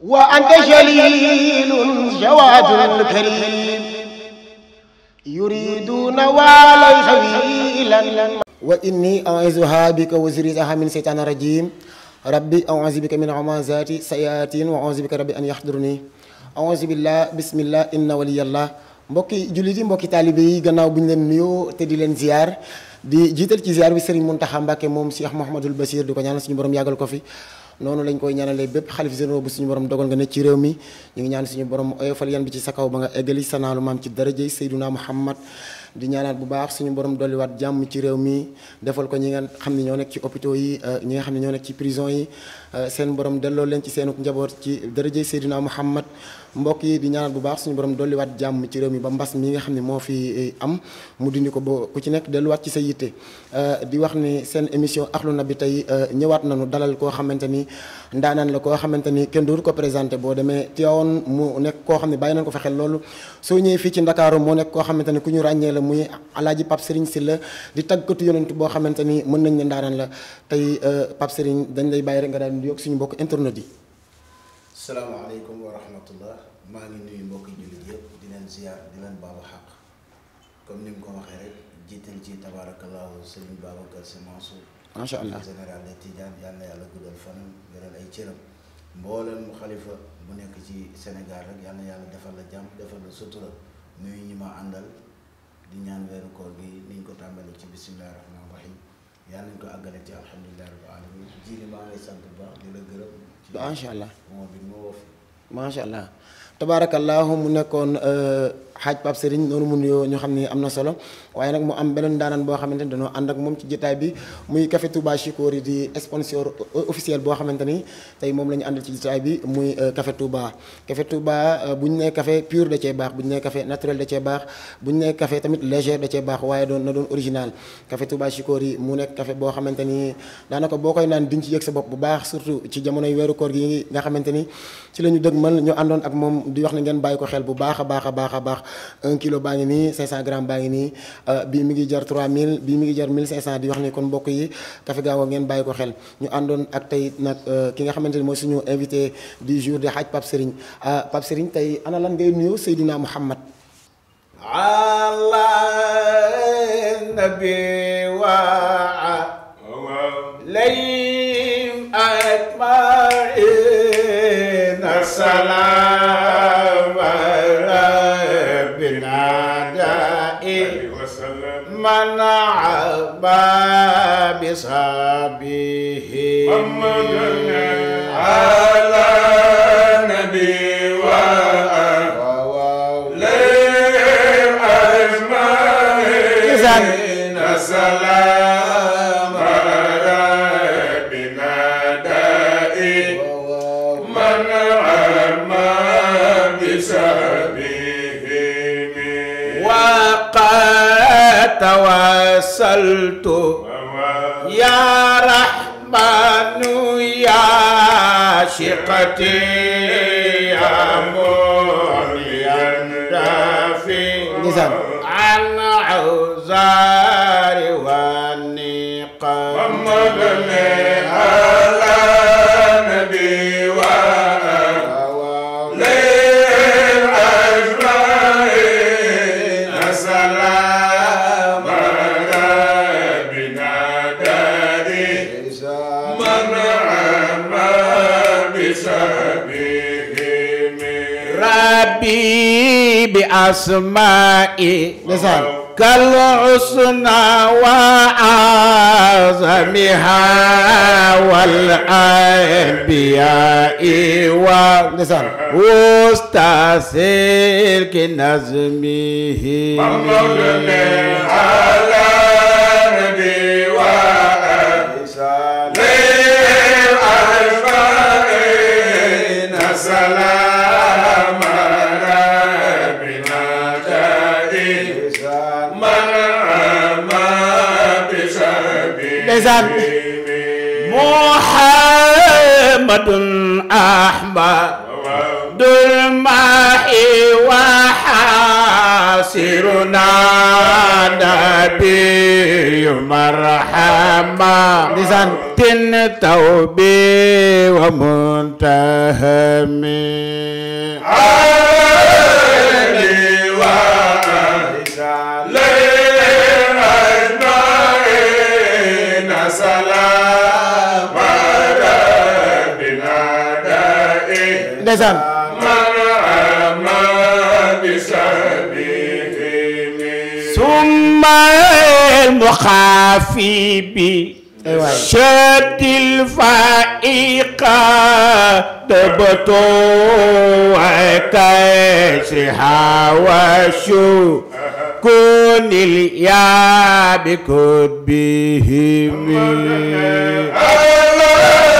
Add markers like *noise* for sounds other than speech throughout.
wa anta jalilun jawadul karim yuriduna waalay xawilan wa inni auzuha bika wa zurriyataha min seytaani rajim rabbi auzu bika min hamazati sayatin wa auzu bika rabbi an yahduruni auzu billah bismillah inna waliyallah mbokki jullit yi mbokki taalibe yi gannaaw bu ñu leen nuyoo te di leen ziar di jiital ci ziar bi Serigne Mountakha Mbacké moom Cheikh Mouhamadoul Bachir di ko ñaanal suñu borom yàggal ko fi noonu lañ koy ñaanalee bépp xalif suñu borom dogal nga ne ci réew mi ñu ngi ñaan suñu borom oyofal yan bi ci sa kaw ba nga eggali sa naalu maam ci daraje Seyduna Muhammad di ñaanaat bu baax suñu borom dolliwaat jàmm ci réew mi defal ko ñi nga xam ne ñoo nekk ci hôpitaux yi ñi nga xam ne ñoo nekk ci prison yi Euh, seen borom delloo leen ci seenuk njaboot ci dërëjëy Seydina Muhammad mbokk yi di ñaanal bu baax suñu borom dolliwaat jàmm ci réew mi ba mbas mi nga xam ne moo fi eh, am mu ko ba ku ci nekk delluwaat ci sa yitte euh, di wax ni seen émission Ahlou Nabi tey euh, ñëwaat nañu dalal koo xamante ni ndaanaan la koo xamante ni kenn du ko présenté boo demee Tivaouane mu nekk koo xam ne bàyyi nañ ko fa xel loolu soo ñëwee fii ci Ndakaaru moo nekk koo xamante ni ku ñu ràññee la muy alaaji Pape Serigne la di tàggatu yonent boo xamante ni mën nañ ne ndaanaan la tey Pape Serigne dañ lay bàyyi rek nga daal di yokk suñu mbokk internet yi. salaamaaleykum wa rahmatullah maa ngi nuyu mbokk jullit yëpp di leen ziar di leen baalu xaq comme ni mu ko waxee rek jiital ci tabaarakallaahu sëriñ Babacar Sy Mansour. macha allah général de Tidiane yal yàlla guddal fanam yoral ay cëram mbooleen mu xalifa bu nekk ci Sénégal rek yal yàlla defal la jàmm defal la sutura nuyu ñi ma àndal di ñaan weeru koor gi niñ ko tàmbalee ci bisimilah rahmaan. yàlla nañ ko àggale ci alhamdulilah rabbil alamin ji li maa ngi lay sant bu baax la gërëm. macha allah moom bi moo fi. macha allah tabaarakallahu mu nekkoon. Euh, xaaj Pape Serigne noonu mun yoo ñu xam ni am na solo waaye nag mu am beneen daanaan boo xamante ni dañoo ànd ak moom ci jotaay muy Café Touba Chicory di sponsor euh, boo xamante ni tey moom la ñu àndal ci jotaay bi muy euh, Café Touba Café Touba euh, bu ñu nee café pur da cee baax bu ñu nee café da cee baax bu ñu nee tamit léger da cee baax waaye doon na doon original Café Touba Chicory mu nekk café boo xamante ni daanaka boo koy naan diñ ci yëg sa bopp bu baax surtout ci jamonoy weeru koor gi nga xamante ni ci la ñu dëgmal ñu àndoon ak moom di wax ne ngeen bàyyi ko xel bu baax a baax a baax a baax 1 kilo baa ngi nii 500 grammes baa ngi nii euh, bii mi ngi jar 3000 bii mi ngi jar 1500 di wax ni kon mbokk yi Café Gaago ngeen bàyyi ko xel ñu àndoon ak tey nag euh, ki nga xamante ni mooy suñu invité du jour de xaaj Pape Serigne euh, Pape Serigne tey ana lan ngay nuyoo Seydina Mouhamad. على النبي وعليهم أجمعين السلام منع باب صابه سألت يا رحمن يا شقتي يا مولي النافي عن عذاب الحبيب أسمائي كالحسنى وأعظمها والأنبياء ومستسير كنظمه محمد على نبي وآله سلام ndeysaan muhammadun ahmadul mahi wa hasiruna nabiyu marhama ndeysaan tin tawbi wa muntahami ndeysaan ثم المخافي بشد الفائق دبتو وكيسها وشو كون الياب كبهم الله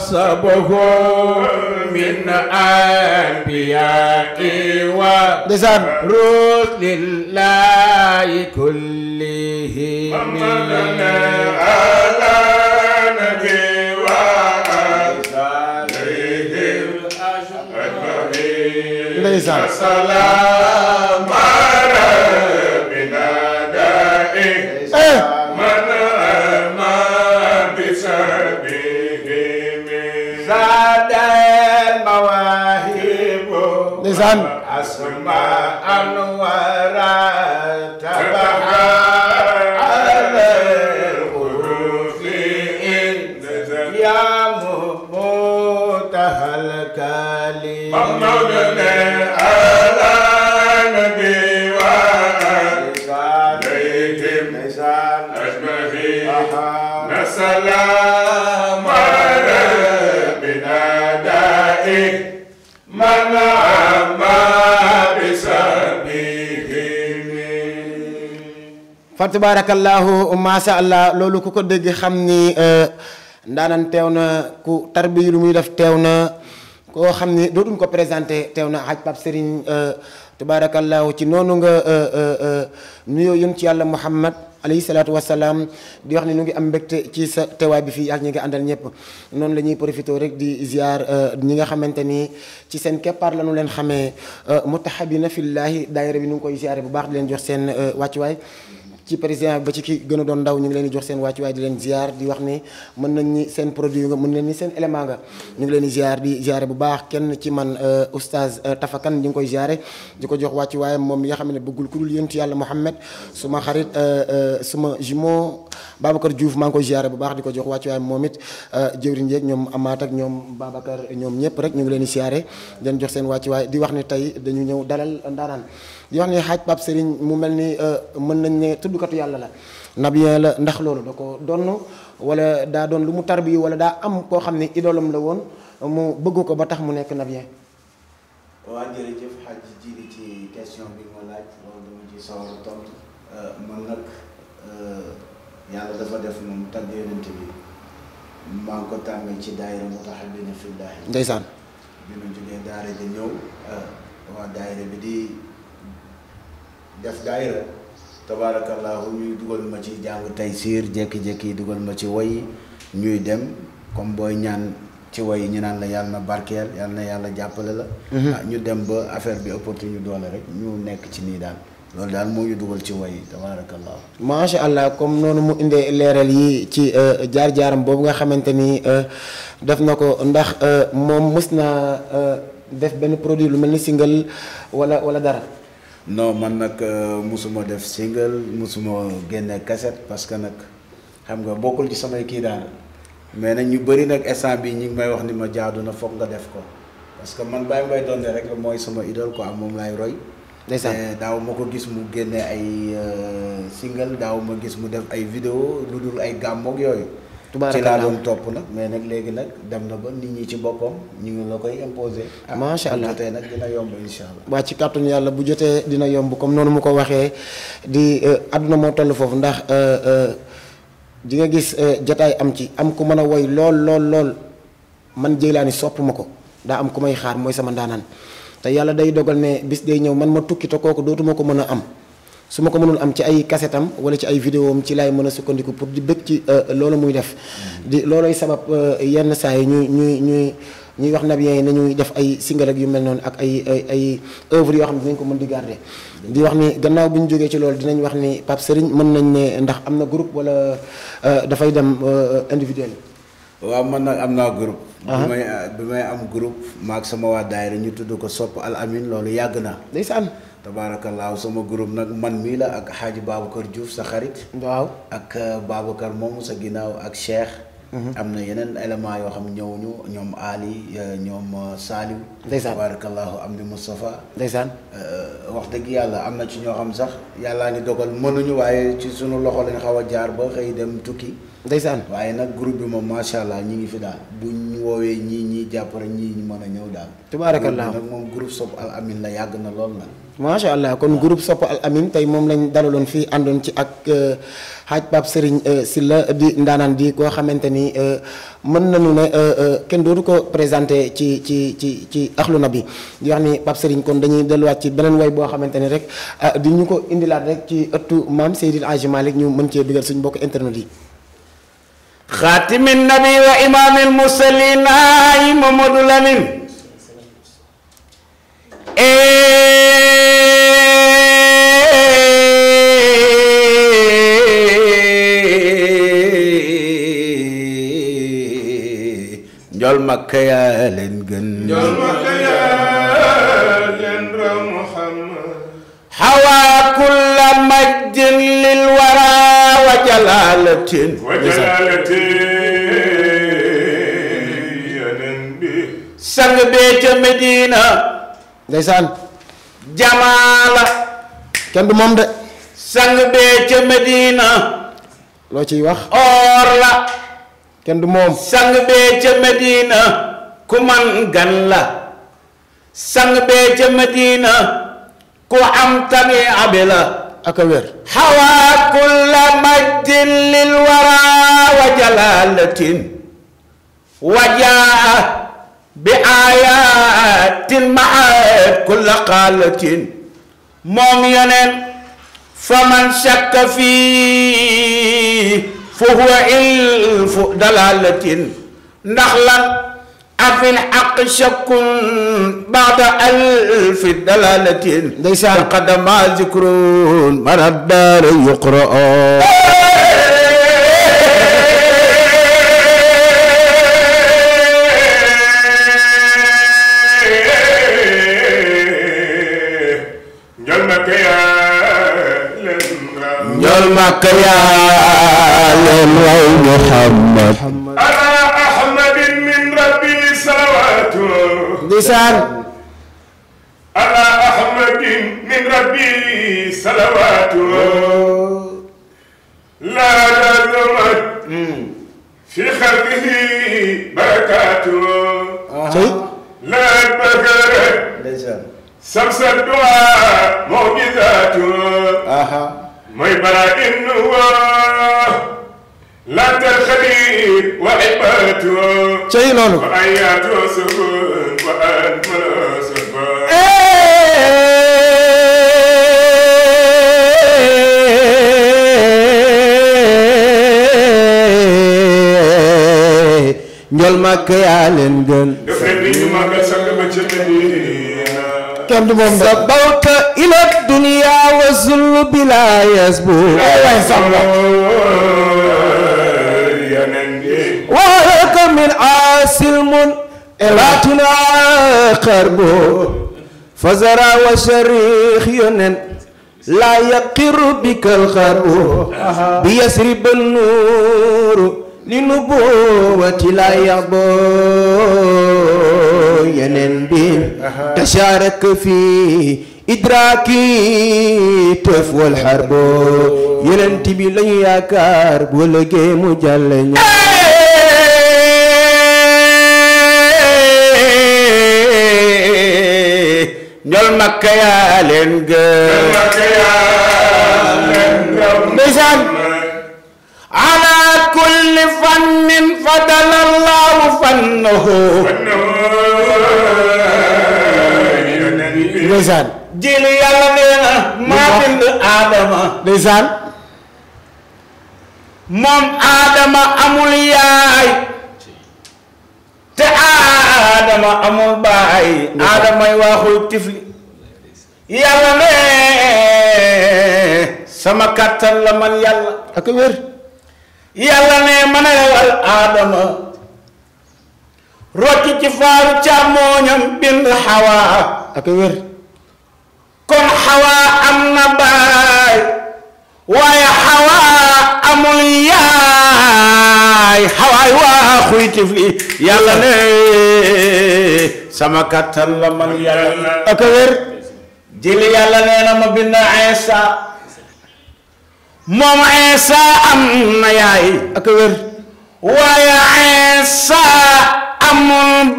نسبه من أنبياء ورسل الله كلهم على نبي وآله السلام دال مواهب لسان أسماء أنوار fa tabaarakallaahu maasha allah loolu ku ko dégg xam ni euh, ndaanan teew na ku tarbi lu muy def teew na koo xam ni dootuñ ko présenté teew na xaj Pape Serigne euh, tabaarakallaahu ci noonu nga euh, nuyoo yun ci yàlla Muhammad alayhi salaatu wasalaam di wax ne nu ngi am mbégte ci sa teewaay bi fii ak ñi nga àndal ñëpp noonu la ñuy profité rek di ziar euh, ñi nga xamante ni ci seen keppaar la ñu leen xamee euh, mutahabina fillahi daayira bi nu ngi koy ziare bu baax leen jox seen euh, wàccuwaay ci président ba ci ki gën doon ndaw ñu ngi leen di jox seen wàccuwaay di leen ziar di wax ni mën nañ ni seen produit nga mën nañ seen élément nga ñu ngi leen di ziar di ziare bu baax kenn ci man euh, oustaz euh, tafakan ñu ngi koy ziare di ko jox wàccuwaayam moom mi nga xam ne bëggul ku dul yonent yàlla Muhammad suma xarit euh, suma jumeau bopp Babacar Diouf maa ngi bu baax di ko jox wàccu waay moom it euh, jëwriñ yeeg ñoom Amath ak ñoom Babacar ñoom ñëpp rek ñu ngi leen di ziare leen jox seen wàccu waay di wax ne tey dañu ñëw dalal ndaanaan di wax xaaj Pape Serigne mu mel ni euh, mën nañ ne tuddkatu yàlla la nabien la ndax loolu da ko donn wala daa doon lu mu tarbi wala daa am koo xam ne idoolam la woon mu bëgg ko ba tax mu nekk nabien waaw jërëjëf xaj ji di ci question bi nga laaj loolu dama ci sawar a tontu euh, nag yàlla dafa def moom tàgg yonent bi maa ko tàmmee ci daayira Mutahabbina Fillah. ndeysaan. bi ñu jógee daara di ñëw ah, waa daayira bi di def daayira tabaarakallaahu ñuy dugal ma ci jàng tey siir jékki-jékki dugal ma ci woy ñuy dem comme booy ñaan ci woy ñu naan la yàlla na barkeel yàlla na yàlla jàppale la. Mhm. Ah, ñu dem ba affaire bi ëppatu ñu doole rek ñu nekk ci nii daal. loolu daal moo ñu dugal ci way tabarakallah macha allah comme noonu mu indee leeral yi ci euh, jaar-jaaram boobu nga xamante ni euh, def na ko ndax euh, moom mës naa def benn produit lu mel ni single wala wala dara. non man nag mosuma def single mosuma génne cassette parce que nag xam nga bokkul ci samay kii daal mais nag ñu bëri nag instant bi ñu ngi may wax ni ma jaadu na foog nga def ko parce que man Baye Mbaye doon rek mooy sama idole quoi moom laay roy. ndeysaan daaw ma ko gis mu génne ay euh, single daaw ma gis mu def ay vidéo lu dul ay gàmmoog yooyu. ci laa doon topp nag mais nag léegi nag dem na ba nit ñi ci boppam ñu ngi la koy imposer. Ah, macha allah jotee nag dina yomb incha allah. waa ci kàttanu yàlla bu jotee dina yomb comme noonu mu ko waxee di euh, àdduna moo toll foofu ndax euh, di nga gis jotaay am ci am ku mën a woy lool lool lool man Jëylaani sopp ma ko daa am ku may xaar mooy sama ndaanaan. te yàlla day dogal ne bis day ñëw man ma tukki te kooku dootuma ko mën a am su ma ko mënul am ci ay kasetam wala ci ay vidéo am ci laay mën a sukkandiku pour di bëgg ci euh, loolu muy def di loolay sabab euh, yenn saa yi ñuy ñuy ñuy ñuy wax nabiyen yi nañuy def ay single yu mel noonu ak ay ay ay œuvre yoo xam ne dinañ ko mën di garder di wax ni gannaaw bu ñu jógee ci loolu dinañ wax ni Pape Serigne mën nañ ne ndax am na groupe wala euh, dafay dem individuel waaw mën nag am naa group bi may bi may am groupe maag sama waa daayira ñu tudd ko sopp al amin loolu yàgg na. ndeysaan. tabaarakallaahu sama groupe nag man mii la ak xaaj Babacar Diouf sa xarit. waaw ak euh, Babacar moom sa ginnaaw ak Cheikh. Mhm. am na yeneen élément yoo xam ñëwuñu ñoom Ali euh, ñoom euh, Saliou. ndeysaan tabaarakallaahu am na Moustapha. ndeysaan wax dëgg yàlla am na ci ñoo xam sax yàllaa ngi dogal mënuñu waaye ci suñu loxo lañu xaw a jaar ba xëy dem tukki. ndeysaan waaye nag groupe bi moom macha allah ñi ngi fi daal bu ñu woowee ñii ñii jàpp rek ñii ñu mën a ñëw daal. tubaarakallah nag moom groupe Sopp Al Amine la yàgg na lool na macha allah kon groupe Sopp Al Amine tey moom lañ dalaloon fii àndoon ci ak xaaj euh, Pape sëriñ euh, Sylla di ndaanaan di koo xamante ni euh, mën nañu ne kenn dootu ko présenté ci ci ci ci axlu na bi di wax ni Pape Serigne kon dañuy delluwaat ci beneen way boo xamante ni rek di ñu ko indilaat rek ci ëttu maam Seydil Hadji Malick ñu mën cee dugal suñu mbokk internet xaatimi nabi wa imaamil mursaliin ay Mamadou Lamine njol ma kayaa leen gën وجلالة وجلالة sang bee ca Medina. ndeysaan. jamaala. kenn du moom de. sang bee ca Medina. loo ciy wax. or la. kenn du moom. sang bee ca Medina. ku man gan la. sang bee ca Medina. ku am tane abe la. ak a wér xawaa kulla majdin lil wara wa jalalatin wa jaa bi ayatin maat kulla qaalatin moom yoneen fa man shakka fii fa huwa ilfu dalalatin ndax lan afil ak shakkun baada alfi dalalatin ndeysaan qadama zikrun man addaar yuqra njol makka yaa leen raw muhammad ndeysaan ala ahmadin min rabbi salawatu la lazumat fi xalqihi barakatu la bakarat samsa du'a mu'jizatu mooy bara innu wa la tarxali wa ibatu cey loolu wa ayatu sukur njol màkk yaa leen gën. kenn du moom sa bawta ila dunia wa zull bila yasbu. Eh, waay min aasil mun. baatuna xarbo fazara wa sharix yonen laa yaqiru bikal xarbo bi yasrib nuuru li nubuwati laa yaxbo yeneen bi tasharak fi idraaki tëf wal xarbo yeneen bi lañu yaakaar bu lëgee mu ñol makka ala kulli fannin fadala allahu fannahu ndeysaan jili yàlla nee na maa bind aadama ndeysaan te aadama amul baay aadamay waaxul tifli yàlla ne sama kàttan la man yàlla ak wér yàlla ne man a lewal aadama rocc ci faaru càmmooñam bind xawaa ak wér kon xawaa am baay waaye xawaa amul yaay xawaay waa xuy tifli yàlla ne sama kattan la man yàlla ak a wér jili am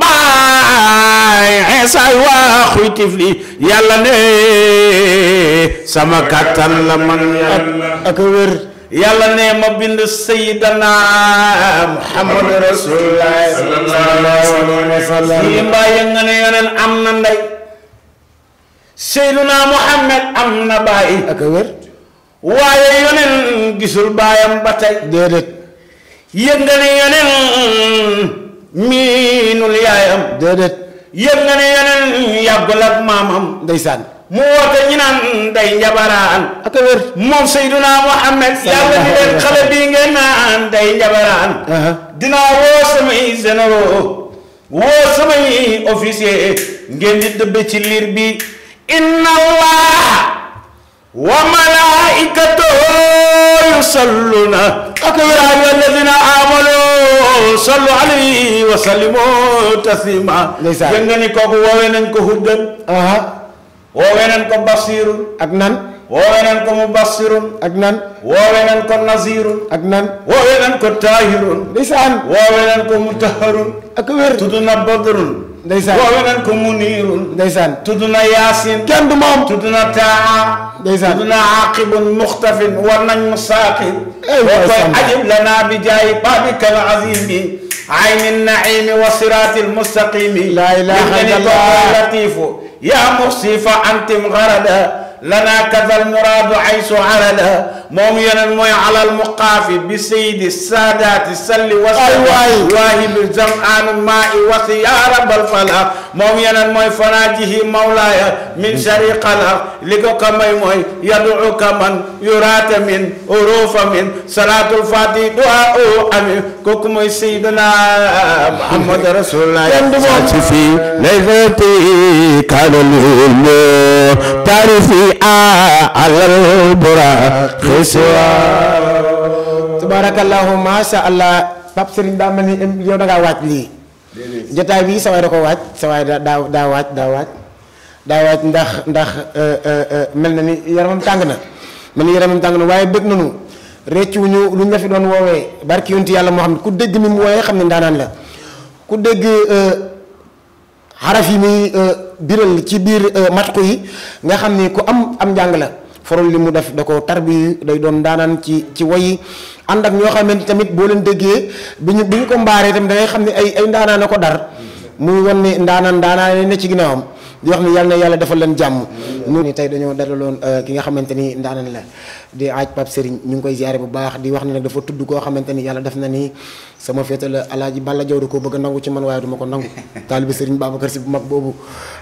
baay Iisa waa yàlla ne ma bind sayidana muhammadu rasulullahi sallallahu yënga ne yoneen am na seyduna muhammad am na bàyyi ak wér waaye gisul baayam ba tey yënga ne yoneen miinul yaayam déedéet yënga ne yoneen yàggul maamam ndeysaan mu woote ñi naan day njabaraan ak Seyduna Muhammad yàlla ni leen xale bii ngeen naan day njabaraan dinaa woo samay généraux ci liir bi inna allah wa malaikatahu yusalluna ak wér yaa ayyuha alladina amanu sallu alayhi wa sallimu taslima yëg kooku woowee nañ ko woowee nañ ko Basiirun ak nan woowee nañ ko Mubassirun ak nan woowee nañ ko Nazirun ak nan woowee nañ ko Tahirun ndeysaan woowee nañ ko Mutaharun ak wér tudd na Badrun ndeysaan woowee nañ ko Munirun ndeysaan tudd na Yaasin kenn du moom tudd na Taa ndeysaan tudd na Aqibun Muxtafin war nañ mu saaqib wa koy ajib lanaa bi jaayi baabikal aziim bi ayni naimi wa siraati almustaqimi laa ilaaha illallaah latiifu يا مصيف أنتم غردا لنا كذا المراد عيس عردا moom yeneen mooy alal muqaafi bi saydi saadaati salli wasawaay waahibi zam'aanu maa'i wasi yaa rabbal fala moom yeneen mooy fanaajihi mawlaaya min shari qala li ko ko may mooy yaduuka man yuraata min uruufa min salaatul faati duaa o ami kooku mooy sayduna muhammad rasulullah ci fi laysati kaanal ilmu taarifi alal buraq سوى تبارك الله ما شاء الله daa mel ni yow da waaj lii jotaay bii sa waay da ko waaj sa waay daa waaj daa waaj daa waaj ndax ndax euh, euh, euh, mel na ni yaramam tàng na mel ni yaramam tàng na waaye bëgg nañu réccuwuñu lu ñu la fi doon woowee barki yonent yàlla moo xam ne ku dégg ni mu woowee xam ne ndaanaan la ku dégg xaraf yi muy biral ci biir matku yi nga xam ni ku am am njàng la forol li mu def da ko tarbi day doon daanaan ci ci wayi ànd ak ñoo xamante tamit boo leen déggee bi ñu bi ñu ko mbaaree tamit da xam ne ay ay ndaanaan a ko dar muy wan ne ndaanaan ndaanaan ne ci ginnaawam di wax ni yal na yàlla defal leen jàmm ñu ni tey dañoo dalaloon euh, ki nga xamante ni ndaanan la di aaj Pape Serigne ñu ngi koy ziare bu baax di wax na nag dafa tudd koo xamante ni yàlla def na ni sama féete la alaaji Balla Jaw da koo bëgg a nangu ci man waaye duma ko nangu *laughs* taalibi Serigne Babacar si bu mag boobu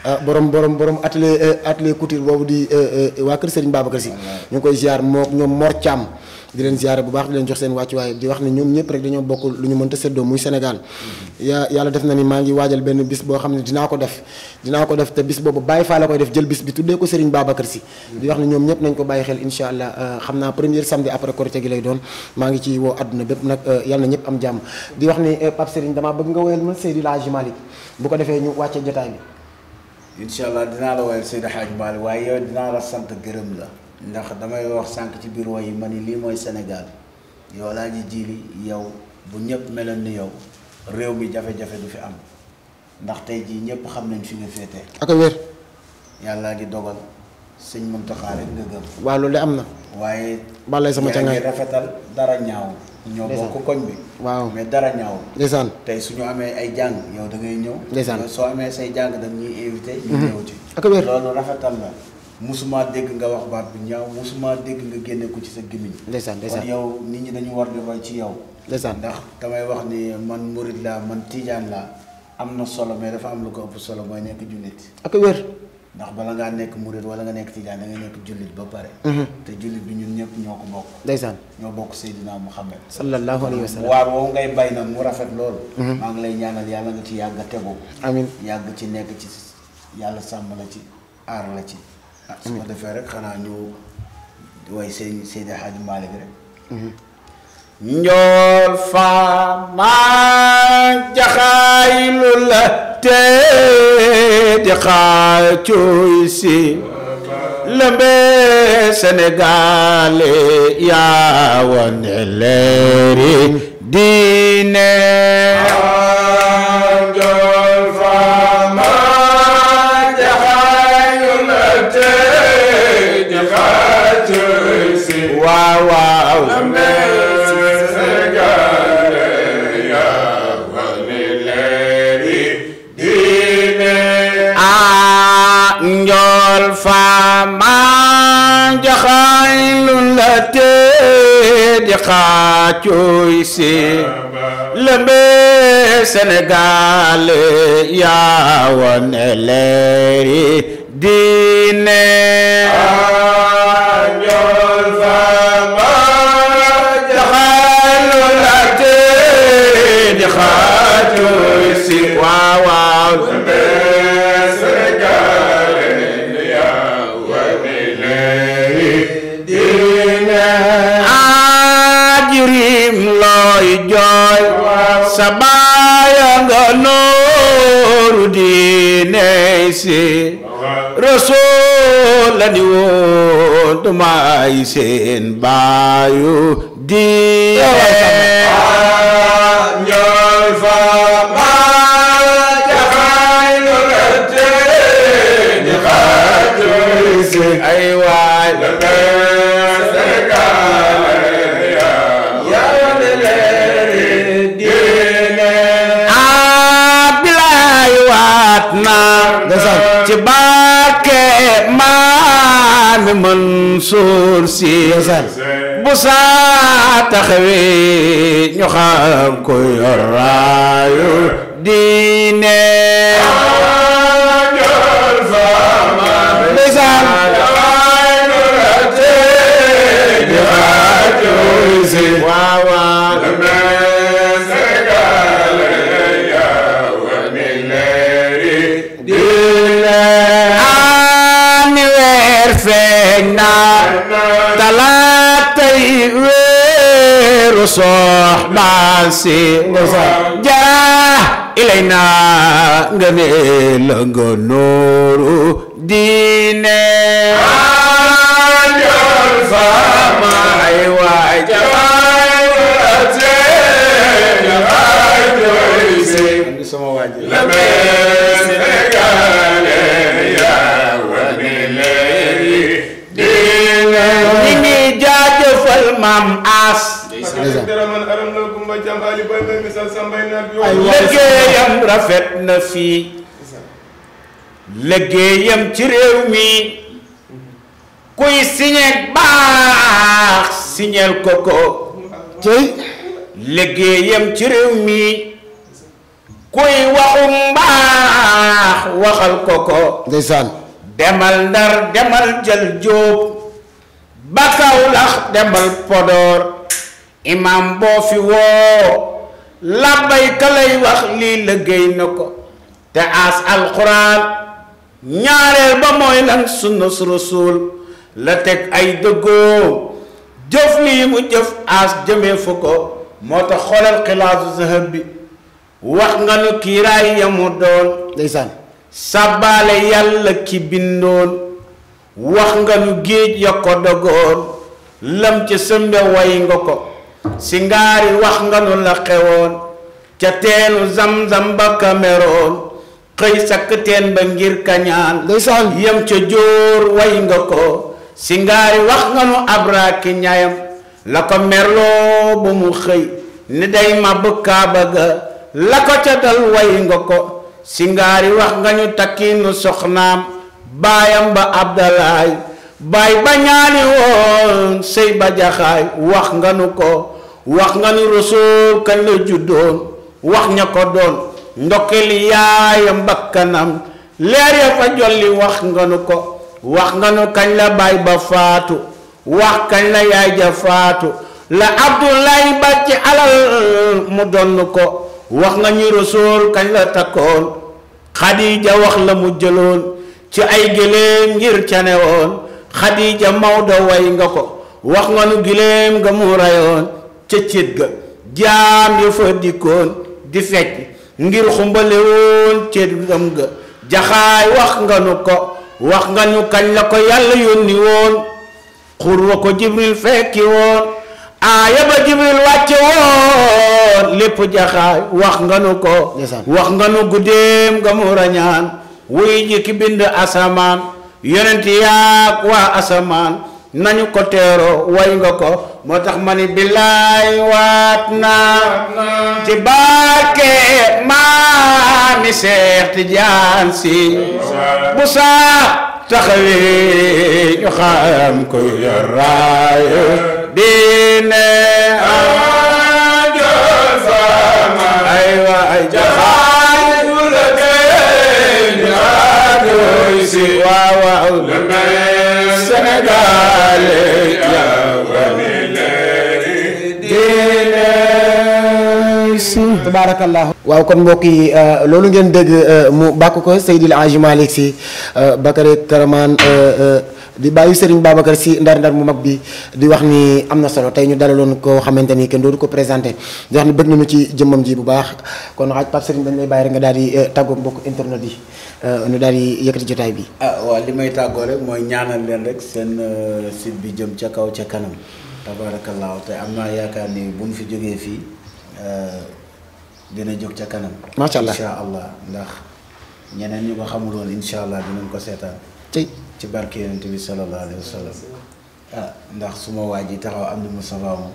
euh, borom borom borom atelier euh, atelier couture boobu di waa kër sëriñ Babacar si ñu ngi koy ziar moo ñoom Mor Thiam di leen ziare bu baax di leen jox seen wàccuwaay di wax ne ñoom ñëpp rek dañoo bokk lu ñu mënta séddoo muy Sénégal ya yàlla def na ni maa ngi waajal benn bis boo xam ne dinaa ko def dinaa ko def te bis boobu Baye Fall la koy def jël bis bi tuddee ko Serigne Babacar Sy di wax ne ñoom ñëpp nañ ko bàyyi xel incha allah euh, xam naa premier samedi après Korité gi lay doon maa ngi ci woo adduna bépp nag euh, yàlla na ñëpp am jàmm di wax ni euh, Pape Serigne damaa bëgg nga woyal ma Seydi Hadji Malick bu ko defee ñu wàccee jotaay incha allah dinaa la woyal Seydi Hadji Malick waaye dinaa la sant gërëm la ndax damay wax sànq ci biir woy yi ma ni lii mooy Sénégal yow laa ji jiili yow bu ñëpp meloon ni yow réew mi jafe-jafe du fi am ndax tey jii ñëpp xam nañ fi nga féete. ak a wér. yàlla di dogal sëñ Muntaxa rek nga gëm. de am na. waaye. balay sama ca rafetal dara ñaaw. ñoo bokk koñ bi. waaw mais dara ñaaw. ndeysaan tey su ñu amee ay jàng yow da ngay ñëw. ndeysaan soo amee say jàng da invité. Mhm. ñëw ci. ak wér loolu rafetal la. musuma dégg nga wax baat bu ñaaw musuma dégg nga génne ko ci sa gémmiñ ndeysaan ndeysaan kon yow nit ñi dañu war di roy ci yow ndeysaan ndax damay wax ni man murid laa man tiijaan laa am na solo mais dafa am lu ko ëpp solo mooy nekk jullit ak wér ndax bala ngaa nekk murid wala nga nekk tiijaan da nga nekk jullit ba pare mhm. te jullit bi ñun ñëpp ñoo ko bokk ndeysaan ñoo bokk Seydina Muhammad sallallahu alayhi wa sallam waaw woowu ngay bay na mu rafet lool mhm. maa ngi lay ñaanal yàlla nga ci yàgg tegu amiin yàgg ci nekk ci yàlla sàmm la ci aar la ci ah su ko xanaa ñu way seen Seydi Hadji Malick rek njool faam maa jaxaay lu la tee di xaacooy si lëmbe Sénégal yaa wane leeri diine wàccu ici lëmbe Sénégal yaa wone leeri diine waaw waaw نور دين عيسي رسول نيوت ما يسين بايو دي أيوة ndeysaan ci barke maami Mansour si bu saa taxawee ñu xam ko yor raayu diine العباس جاء إلينا جميل نور liggéeyam rafet na fii liggéeyam ci réew mi kuy siñeeg baax siñeel ko ko cey liggéeyam ci réew mi kuy waxu mbaax waxal ko ko demal ndar demal jël jóob ba Kawlax demal Podor imaam boo fi woo labbayka lay wax lii liggéey na ko te aas alquran ñaareel ba mooy lan sunna su la teg ay dëggoo jëf lii mu jëf aas jëmee fu ko moo tax xoolal xilaasu zahab bi wax nga nu kiiraay ya mu doon ndeysaan sàbbaale yàlla ki bindoon wax nga nu géej ya ko dogoon lam ci sëmbe way nga ko si ngaari wax nga nu la xewoon ca teenu zam-zam ba kameroon xëy sakk teen ba ngir kañaan ndeysaan yem ca jóor way nga ko si ngaari wax nga nu abraki ñayam la ko merloo bu mu xëy ni day màbb kaaba ga la ko ca dal way nga ko si wax nga ñu takki soxnaam baayam ba abdalaay bay ba ñaani woon sëy ba wax nga nu ko wax nga nu rasul kañ la juddoon wax ña ko doon ndokkeli yaayam bakkanam leer ya fa jolli wax nga nu ko wax nga nu kañ la bay ba faatu wax kañ la yaay ja faatu la abdullahi ba ci alal mu donn ko wax nga ñu rasul kañ la takkoon xadija wax la mu jëloon ci ay gëléem ngir canewoon xadiija Maodo way nga ko wax nga nu giléem nga mu rayoon ca cét ga jaam ya fa dikkoon di fecc ngir xumbale woon cét gam ga jaxaay wax nga nu ko wax nga nu kañ la ko yàlla yónni woon xur wa ko jibril fekki woon aaya ba jibril wàcce woon lépp jaxaay wax nga nu ko wax nga nu guddeem nga mu rañaan wuy ji bind asamaan yonent yaak waa asamaan nañu ko teeroo way nga ko moo tax ma ni billaay waat naa ci barke maami Seex Tijaan Si bu saa taxawee ñu xam ko yaraayu diine tabaarakallah waaw kon mbokk yi euh, loolu ngeen dëgg euh, mu bàkk ko Seydil Hadji si Sy euh, Bakary Karaman di bàyyi Serigne Babacar si ndar ndar mu mag bi di wax ni am na solo tey ñu dalaloon koo xamante ni kenn dootu ko présenté di wax ni bëgg nañu ci jëmmam ji bu baax kon xaaj Pape Serigne dañ lay bàyyi rek nga daal di tàggoo mbokk internet yi nu daal di yëkkati jotaay bi. ah waaw li may tàggoo rek mooy ñaanal leen rek seen site bi jëm ca kaw ca kanam tabaarakallaahu te am naa yaakaar ni bu ñu fi jógee fii. dina jóg ca kanam. macha allah incha ndax ñeneen ñu ko xamul woon incha allah dinañ ko seetaan. ci ci barke yonent bi sallallahu alayhi ah ndax suma waa ji taxaw am na mu salaamu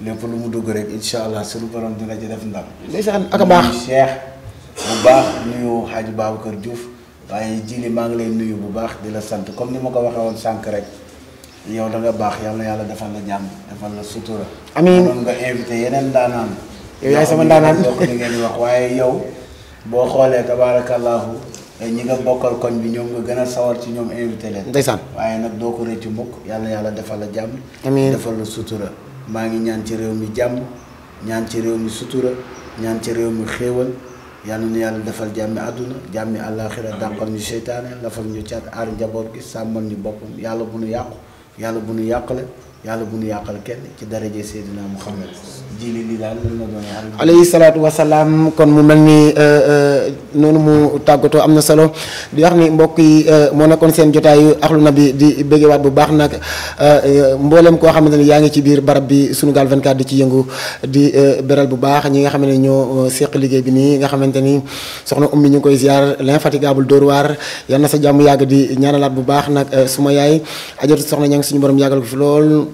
lépp lu mu dugg rek incha allah suñu borom dina ci def ndam. ndeysaan ak baax Cheikh bu baax nuyu Hadj kër Diouf waaye jili maa ngi leen nuyu bu baax di la sant comme ni ma ko waxee woon sànq rek. yow da baax yàlla yàlla defal la jàmm defal la sutura. amiin nga invité yeneen daanaan. yow yaay sama ndaanaan li ngeen wax waaye yow boo xoolee tabaarakallaahu eh, ñi nga bokkal koñ bi ñoom nga gën a sawar ci ñoom invité leen. ndeysaan waaye nag doo ko rëccu mukk yàlla yàlla defal la jàmm. amiin defal la sutura. maa ngi ñaan ci réew mi jàmm ñaan ci réew mi sutura ñaan ci réew mi xéewal yàlla na yàlla defal jàmmi àdduna jàmmi àllaaxira dàqal ñu seytaane lafal ñu cat aar njaboot gi sàmmal ñu boppam yàlla bu nu yàqu yàlla bu nu yàqale. yàlla bu nu yàqal ci daraje Seydina Muhammad ji li li daal lan la doon alayhi salaatu wasalaam kon mu mel ni euh, euh, noonu mu tàggatoo am na solo di wax ni mbokk yi euh, moo nekkoon seen jotaayu axlu bi di waat bu baax nag mboolem koo xamante ni yaa ngi ci biir barab bi Sunugal 24 di ci yëngu di beral bu baax ñi nga xam ne ñoo seq liggéey bi nii nga xamante ni soxna ummi ñu ngi koy ziar l'infatigable Dóor waar yal na sa jàmm yàgg di ñaanalaat bu baax nag suma yaay ajatu soxna ña ngi suñu borom yàggal ko fi lool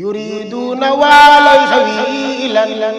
yuriduuna waalay xawilan